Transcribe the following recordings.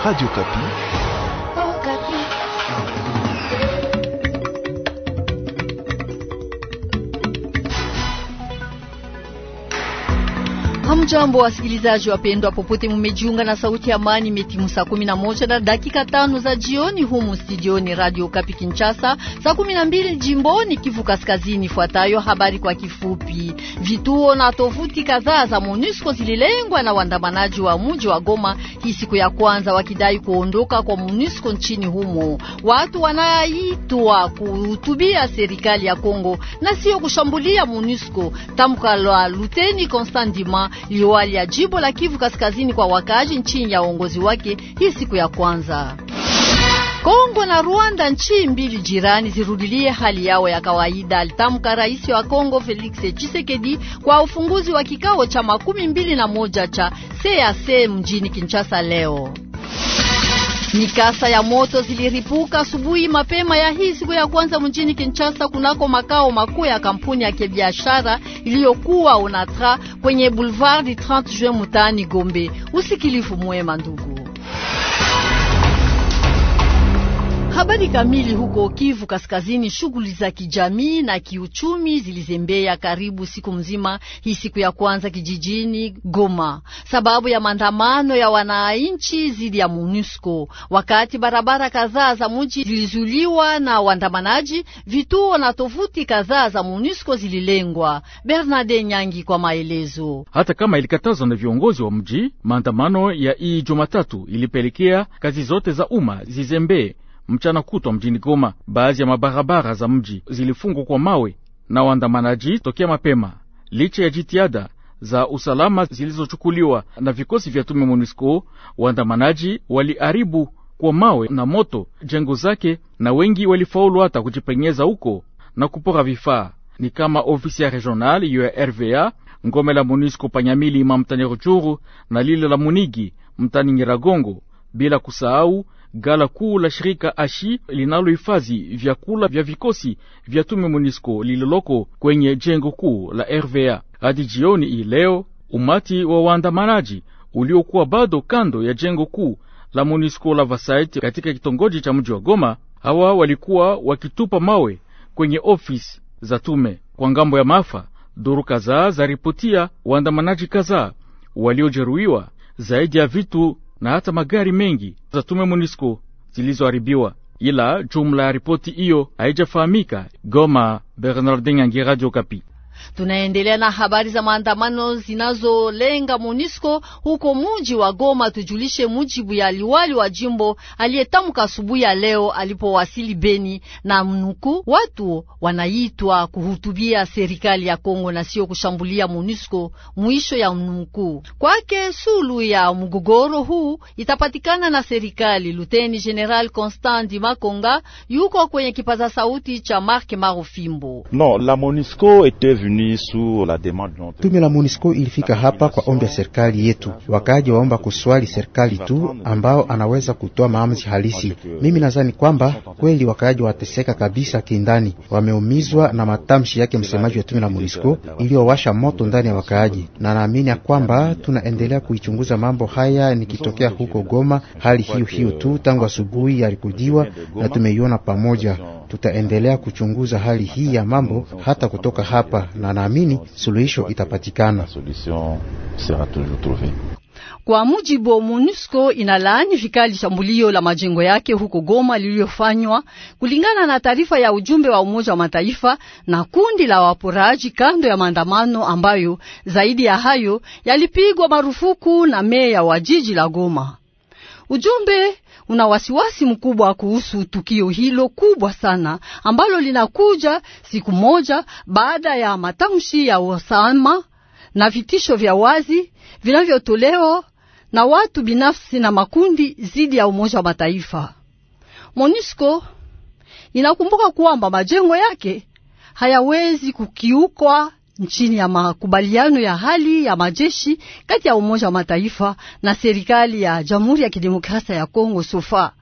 Radio Kapi. Hamjambo wasikilizaji wapendwa, popote mumejiunga na sauti ya amani. metimu saa kumi na moja na dakika tano za jioni humu studioni Radio Kapi Kinshasa, saa kumi na mbili jimboni Kivu Kaskazini. Ifuatayo habari kwa kifupi. Vituo na tovuti kadhaa za MONUSCO zililengwa na waandamanaji wa mji wa Goma hii siku ya kwanza, wakidai kuondoka kwa MONUSCO nchini humo. Watu wanaitwa kuhutubia serikali ya Kongo na sio kushambulia MONUSCO. Tamka la Luteni Konstantima liwali ya jimbo la Kivu Kaskazini kwa wakaaji chini ya uongozi wake hii siku ya kwanza. Kongo na Rwanda, nchi mbili jirani, zirudilie hali yao ya kawaida, alitamka rais wa Kongo Felix Tshisekedi kwa ufunguzi wa kikao cha makumi mbili na moja cha CAC mjini Kinshasa leo. Mikasa ya moto ziliripuka asubuhi mapema ya hii siku ya kwanza mjini Kinshasa kunako makao makuu ya kampuni ya kibiashara iliyokuwa Onatra kwenye Boulevard du 30 Juin mtaani Gombe. Usikilifu mwema ndugu. Habari kamili. Huko Kivu Kaskazini, shughuli za kijamii na kiuchumi zilizembea karibu siku mzima hii siku ya kwanza kijijini Goma sababu ya maandamano ya wananchi dhidi ya MONUSCO. Wakati barabara kadhaa za mji zilizuliwa na waandamanaji, vituo na tovuti kadhaa za MONUSCO zililengwa. Bernard Nyangi kwa maelezo. Hata kama ilikatazwa na viongozi wa mji, maandamano ya hii Jumatatu ilipelekea kazi zote za umma zizembee mchana kutwa mjini Goma. Baadhi ya mabarabara za mji zilifungwa kwa mawe na waandamanaji tokea mapema, licha ya jitihada za usalama zilizochukuliwa na vikosi vya tume MONUSCO. Waandamanaji waliharibu kwa mawe na moto jengo zake, na wengi walifaulu hata kujipenyeza huko na kupora vifaa ni kama ofisi ya regional ya RVA, ngome la MONUSCO Panyamili ma mtani Ruchuru na lile la Munigi mtani Nyiragongo, bila kusahau gala kuu la shirika Ashi linalohifadhi vyakula vya vikosi vya tume MONUSCO lililoko kwenye jengo kuu la RVA. Hadi jioni hii leo, umati wa waandamanaji uliokuwa bado kando ya jengo kuu la MONUSCO la Vasaiti katika kitongoji cha mji wa Goma, hawa walikuwa wakitupa mawe kwenye ofisi za tume. Kwa ngambo ya maafa, duru kadhaa ripotia waandamanaji kadhaa waliojeruhiwa, zaidi ya vitu na hata magari mengi za tume MONUSCO zilizoharibiwa, ila jumla ya ripoti hiyo haijafahamika. Goma, Bernardin Angi, Radio Kapi. Tunaendelea na habari za maandamano zinazolenga monisco huko muji wa Goma. Tujulishe mujibu ya liwali wa jimbo aliyetamka asubuhi ya leo alipowasili Beni na mnuku, watu wanaitwa kuhutubia serikali ya Kongo na sio kushambulia Monisco, mwisho ya mnuku. Kwake sulu ya mgogoro huu itapatikana na serikali. Luteni General Constant Makonga yuko kwenye kipaza sauti cha Mark Marofimbo. No, la était Tume la MONUSCO ilifika hapa kwa ombi ya serikali yetu, wakaji waomba kuswali serikali tu ambao anaweza kutoa maamuzi halisi. Mimi nadhani kwamba kweli wakaji wateseka kabisa kindani, wameumizwa na matamshi yake msemaji wa tume la MONUSCO iliyowasha moto ndani ya wakaaji, na naamini kwamba tunaendelea kuichunguza mambo haya. Nikitokea huko Goma, hali hiyo hiyo tu tangu asubuhi yalikujiwa na tumeiona pamoja Tutaendelea kuchunguza hali hii ya mambo hata kutoka hapa, na naamini suluhisho itapatikana. Kwa mujibu wa MONUSCO inalaani vikali shambulio la majengo yake huko Goma lililofanywa kulingana na taarifa ya ujumbe wa Umoja wa Mataifa na kundi la waporaji kando ya maandamano ambayo zaidi ya hayo yalipigwa marufuku na meya wa jiji la Goma. Ujumbe una wasiwasi mkubwa kuhusu tukio hilo kubwa sana ambalo linakuja siku moja baada ya matamshi ya Osama na vitisho vya wazi vinavyotolewa na watu binafsi na makundi zidi ya Umoja wa Mataifa. MONUSCO inakumbuka kwamba majengo yake hayawezi kukiukwa chini ya makubaliano ya hali ya majeshi kati ya Umoja wa Mataifa na serikali ya Jamhuri ya Kidemokrasia ya Kongo sofa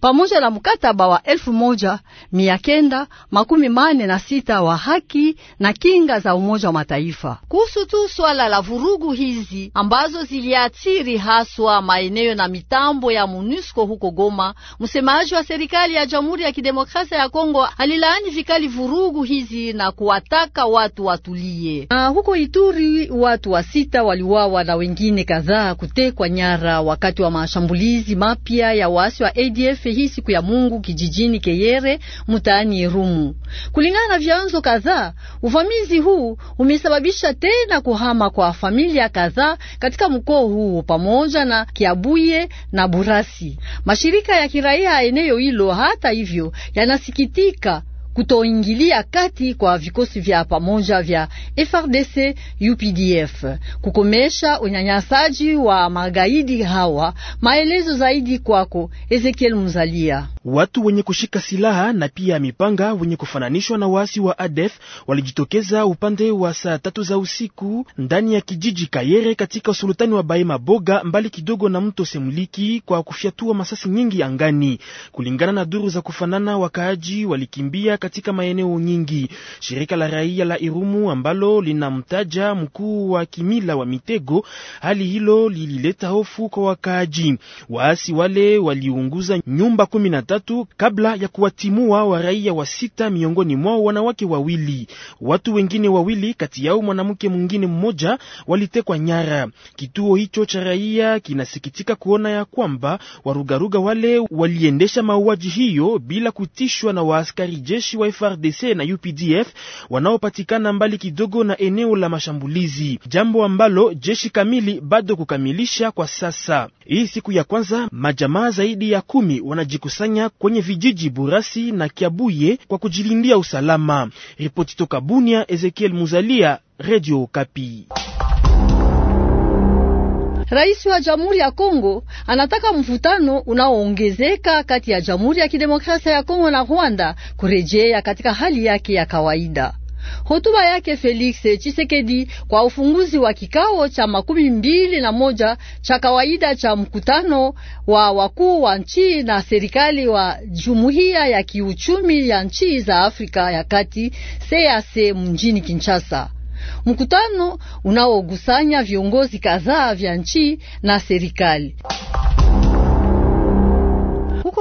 pamoja na mkataba wa elfu moja mia kenda makumi mane na sita wa haki na kinga za Umoja wa Mataifa kuhusu tu swala la vurugu hizi ambazo ziliathiri haswa maeneo na mitambo ya MONUSCO huko Goma. Msemaji wa serikali ya Jamhuri ya Kidemokrasia ya Kongo alilaani vikali vurugu hizi na kuwataka watu watulie. Na huko Ituri watu wa sita waliuawa na wengine kadhaa kutekwa nyara wakati wa mashambulizi mapya ya waasi wa ADF Safe hii siku ya Mungu kijijini Keyere mtaani Irumu. Kulingana na vyanzo kadhaa, uvamizi huu umesababisha tena kuhama kwa familia kadhaa katika mkoa huu pamoja na Kiabuye na Burasi. Mashirika ya kiraia eneo hilo hata hivyo yanasikitika kutoingilia kati kwa vikosi vya pamoja vya FRDC UPDF, kukomesha unyanyasaji wa magaidi hawa. Maelezo zaidi kwako Ezekiel Muzalia. Watu wenye kushika silaha na pia mipanga wenye kufananishwa na waasi wa ADF walijitokeza upande wa saa tatu za usiku ndani ya kijiji Kayere katika usultani wa Baema Boga, mbali kidogo na mto Semliki, kwa kufyatua masasi nyingi angani. Kulingana na duru za kufanana, wakaaji walikimbia katika maeneo nyingi. Shirika la raia la Irumu ambalo linamtaja mkuu wa kimila wa mitego, hali hilo lilileta hofu kwa wakaaji. Waasi wale waliunguza nyumba kumi na tatu kabla ya kuwatimua wa raia wa sita, miongoni mwao wanawake wawili. Watu wengine wawili, kati yao mwanamke mwingine mmoja, walitekwa nyara. Kituo hicho cha raia kinasikitika kuona ya kwamba warugaruga wale waliendesha mauaji hiyo bila kutishwa na waaskari jeshi wanajeshi wa FRDC na UPDF wanaopatikana mbali kidogo na eneo la mashambulizi, jambo ambalo jeshi kamili bado kukamilisha kwa sasa. Hii siku ya kwanza majamaa zaidi ya kumi wanajikusanya kwenye vijiji Burasi na Kiabuye kwa kujilindia usalama. Ripoti toka Bunia, Ezekiel Muzalia, Radio Kapi. Rais wa Jamhuri ya Kongo anataka mvutano unaoongezeka kati ya Jamhuri ya Kidemokrasia ya Kongo na Rwanda kurejea katika hali yake ya kawaida. Hotuba yake Felix chisekedi kwa ufunguzi wa kikao cha makumi mbili na moja cha kawaida cha mkutano wa wakuu wa nchi na serikali wa Jumuiya ya Kiuchumi ya Nchi za Afrika ya Kati, EAC mjini Kinshasa mkutano unaokusanya viongozi kadhaa vya nchi na serikali.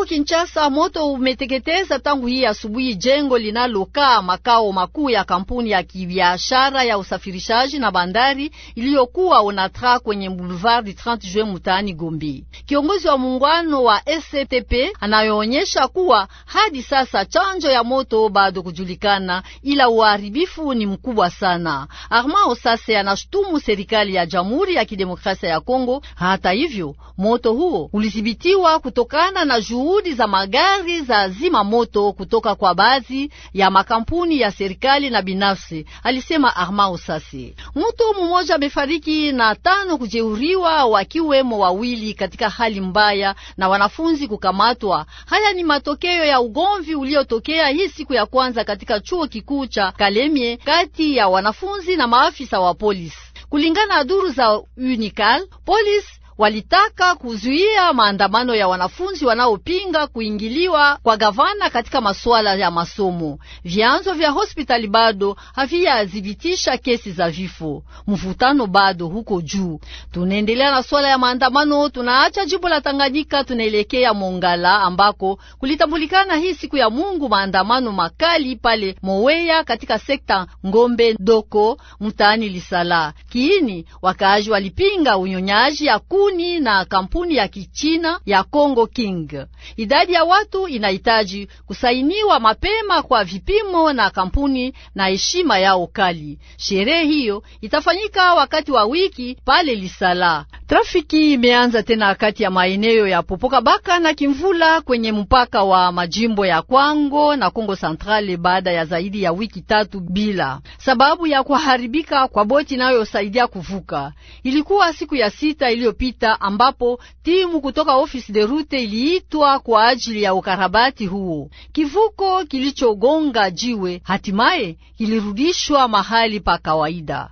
Kinshasa, moto umeteketeza tangu hii asubuhi jengo linalokaa makao makuu ya kampuni ya kibiashara ya usafirishaji na bandari iliyokuwa Onatra kwenye Boulevard du 30 Juin mtaani Gombe. Kiongozi wa muungano wa SCTP anayoonyesha kuwa hadi sasa chanjo ya moto bado kujulikana, ila uharibifu ni mkubwa sana. Armao sasa anashutumu serikali ya Jamhuri ya Kidemokrasia ya Kongo. Hata hivyo, moto huo ulithibitiwa kutokana na juhudi juhudi za magari za zima moto kutoka kwa baadhi ya makampuni ya serikali na binafsi, alisema Arma Usasi. Mtu mmoja amefariki na tano kujeruhiwa, wakiwemo wawili katika hali mbaya na wanafunzi kukamatwa. Haya ni matokeo ya ugomvi uliotokea hii siku ya kwanza katika chuo kikuu cha Kalemie kati ya wanafunzi na maafisa wa polisi, kulingana na duru za Unical, polisi walitaka kuzuia maandamano ya wanafunzi wanaopinga kuingiliwa kwa gavana katika masuala ya masomo. Vyanzo vya hospitali bado haviyazibitisha kesi za vifo. Mvutano bado huko juu. Tunaendelea na swala ya maandamano, tunaacha jimbo la Tanganyika, tunaelekea Mongala ambako kulitambulikana hii siku ya Mungu maandamano makali pale Moweya katika sekta Ngombe Ndoko mtaani Lisala. Kiini wakaaji walipinga unyonyaji ya kampuni na kampuni ya Kichina ya Congo King. Idadi ya watu inahitaji kusainiwa mapema kwa vipimo na kampuni na heshima yao kali. Sherehe hiyo itafanyika wakati wa wiki pale Lisala. Trafiki imeanza tena kati ya maeneo ya Popoka Baka na Kimvula kwenye mpaka wa majimbo ya Kwango na Kongo Centrale baada ya zaidi ya wiki tatu bila sababu ya kuharibika kwa boti inayosaidia kuvuka. Ilikuwa siku ya sita iliyopita sita ambapo timu kutoka ofisi de rute iliitwa kwa ajili ya ukarabati huo. Kivuko kilichogonga jiwe hatimaye kilirudishwa mahali pa kawaida.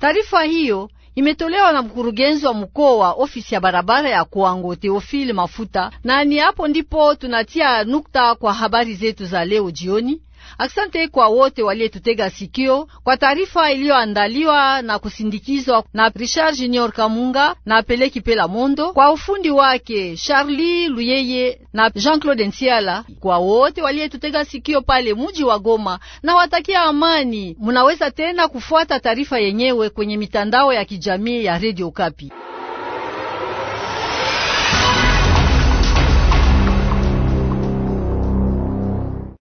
Taarifa hiyo imetolewa na mkurugenzi wa mkoa ofisi ya barabara ya Kwango teofili Mafuta, na ni hapo ndipo tunatia nukta kwa habari zetu za leo jioni. Asante kwa wote waliyetutega sikio kwa taarifa iliyoandaliwa na kusindikizwa na Richard Junior Kamunga na Peleki Pela Mondo kwa ufundi wake, Charlie Luyeye na Jean-Claude Nsiala. Kwa wote waliyetutega sikio pale muji wa Goma, na watakia amani. Munaweza tena kufuata taarifa yenyewe kwenye mitandao ya kijamii ya Radio Kapi.